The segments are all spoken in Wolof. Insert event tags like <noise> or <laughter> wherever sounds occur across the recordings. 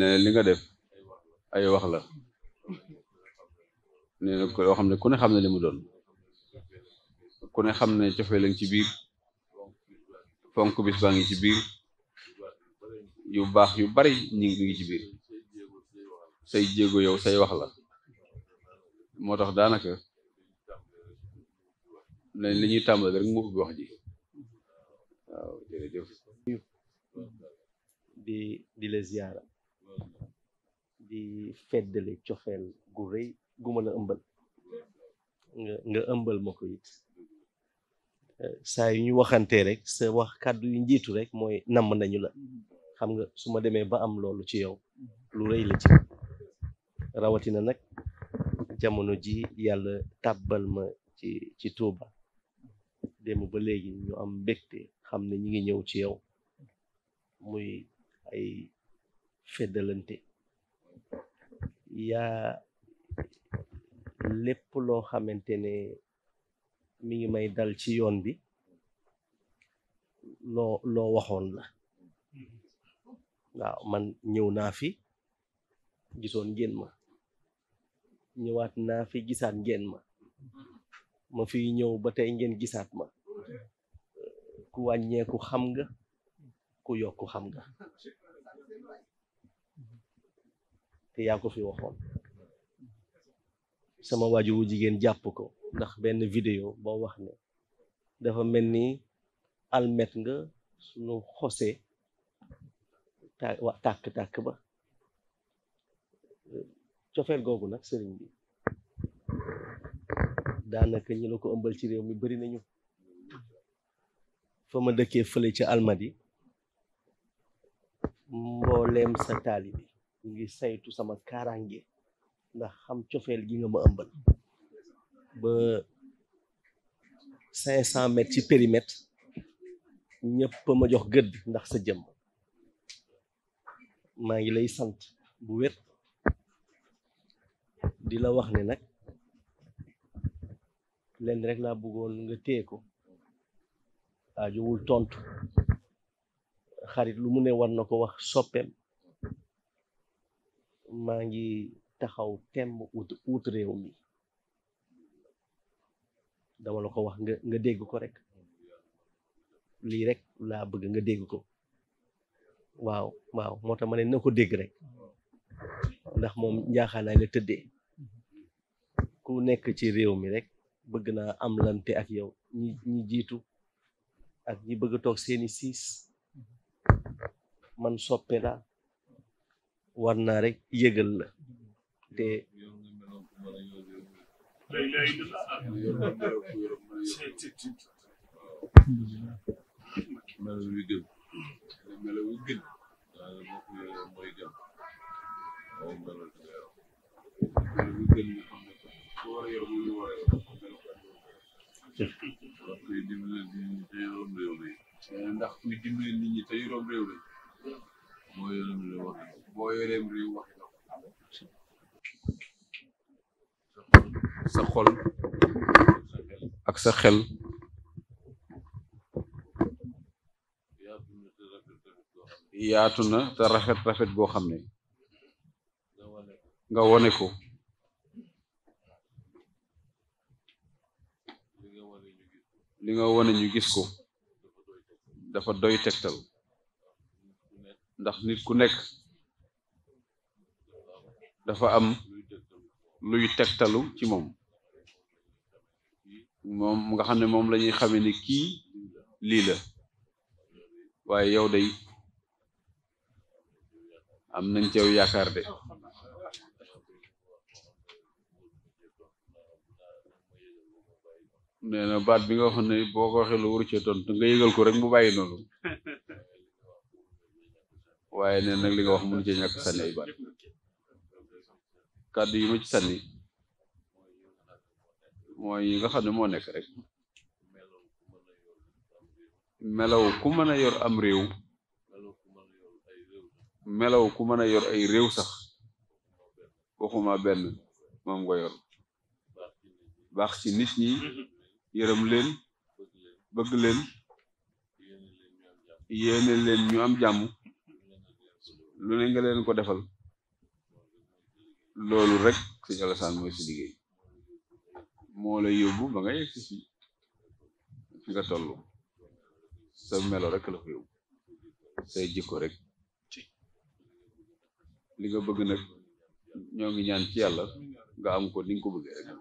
li nga def ay wax la nee na loo xam ne ku ne xam ne li mu doon ku ne xam ne cofee lañ ci biir fonk bis baa ngi ci biir yu baax yu bari ñi ngi ci biir say jéego yow say wax la moo tax daanaka nañ li ñuy tàmbali rek mu ubbi wax ji waaw jërëjëf di di la ziyaara di feddale cofeel gu rëy gu la ëmbal nga nga ëmbal ma ko it saa yu ñu waxantee rek sa wax kàddu yu njiitu rek mooy namm nañu la xam nga su ma demee ba am loolu ci yow lu rëy la ci rawatina nag jamono ji yàlla tàbbal ma ci ci Tuuba démb ba léegi ñu am mbégte xam ne ñu ngi ñëw ci yow muy ay feddalante yaa lépp loo xamante ne mi ngi may dal ci yoon bi loo loo waxoon la waaw man ñëw naa fi gisoon ngeen ma ñëwaat naa fi gisaat ngeen ma ma fi ñëw ba tey ngeen gisaat ma ku wàññeeku xam nga ku yokku xam nga te yaa ko fi waxoon sama waajur wu jigéen jàpp ko ndax benn vidéo boo wax ne dafa mel ni almet nga suñu xosee tàkk-tàkk ba cofeel googu nag sëriñ bi daanaka ñu la ko ëmbal ci réew mi bari nañu fa ma dëkkee fële ca almadi mbooleem sa taalibi ñu ngi saytu sama karange ndax xam cofeel gi nga ma ëmbal ba cinq cent mètres ci périmètre ñëpp ma jox gëdd ndax sa jëmm maa ngi lay sant bu wér di la wax ni nag leen rek laa bëggoon nga téye ko aajowul tontu xarit lu mu ne war na ko wax soppeem maa ngi taxaw temm ut ut réew mi dama la ko wax nga nga dégg ko rek lii rek laa bëgg nga dégg ko waaw waaw moo tax ma ne na ko dégg rek ndax moom njaaxaanaay la tëddee ku nekk ci réew mi rek bëgg naa am lante ak yow ñi jiitu ak ñi bëgg toog seeni siis man soppe la war naa rek yëgal la te ndax kuy dimbali nit ñi te yoroom réew mi moo yoroom réew mi boo yoreem sa xol ak sa xel yaatu na te rafet rafet boo xam ne nga wone ko li nga wone ñu gis ko dafa doy tegtal ndax nit ku nekk dafa am luy tegtalu ci moom moom nga xam ne moom la ñuy xamee ni kii lii la waaye yow de am nañ ci yaakaar de nee na baat bi nga wax ne boo ko waxee lu wër ci tontu nga yëgal ko rek mu bàyyi noonu <laughs> waaye nee nag li nga wax mënu ci ñàkk sànni baat kàddu yi ma ci sànni mooy yi nga xam ne moo nekk rek melaw ku mën a yor am réew melaw ku mën a yor ay réew sax waxuma benn moom nga yor ci nit ñi yërëm leen bëgg leen yéene leen ñu am jàmm lu ne nga leen ko defal loolu rek sëñ Alassane mooy si liggéey moo lay ba nga yegg si fi fi sa melo rek la ko yóbbu say jikko rek li nga bëgg nag ñoo ngi ñaan ci yàlla nga am ko ni ko bëggee rek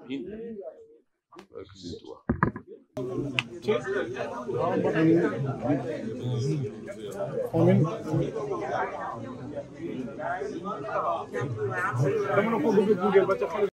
barke Sëñ Tuubaa amin dama na ko bëgg a dugal ba ca xale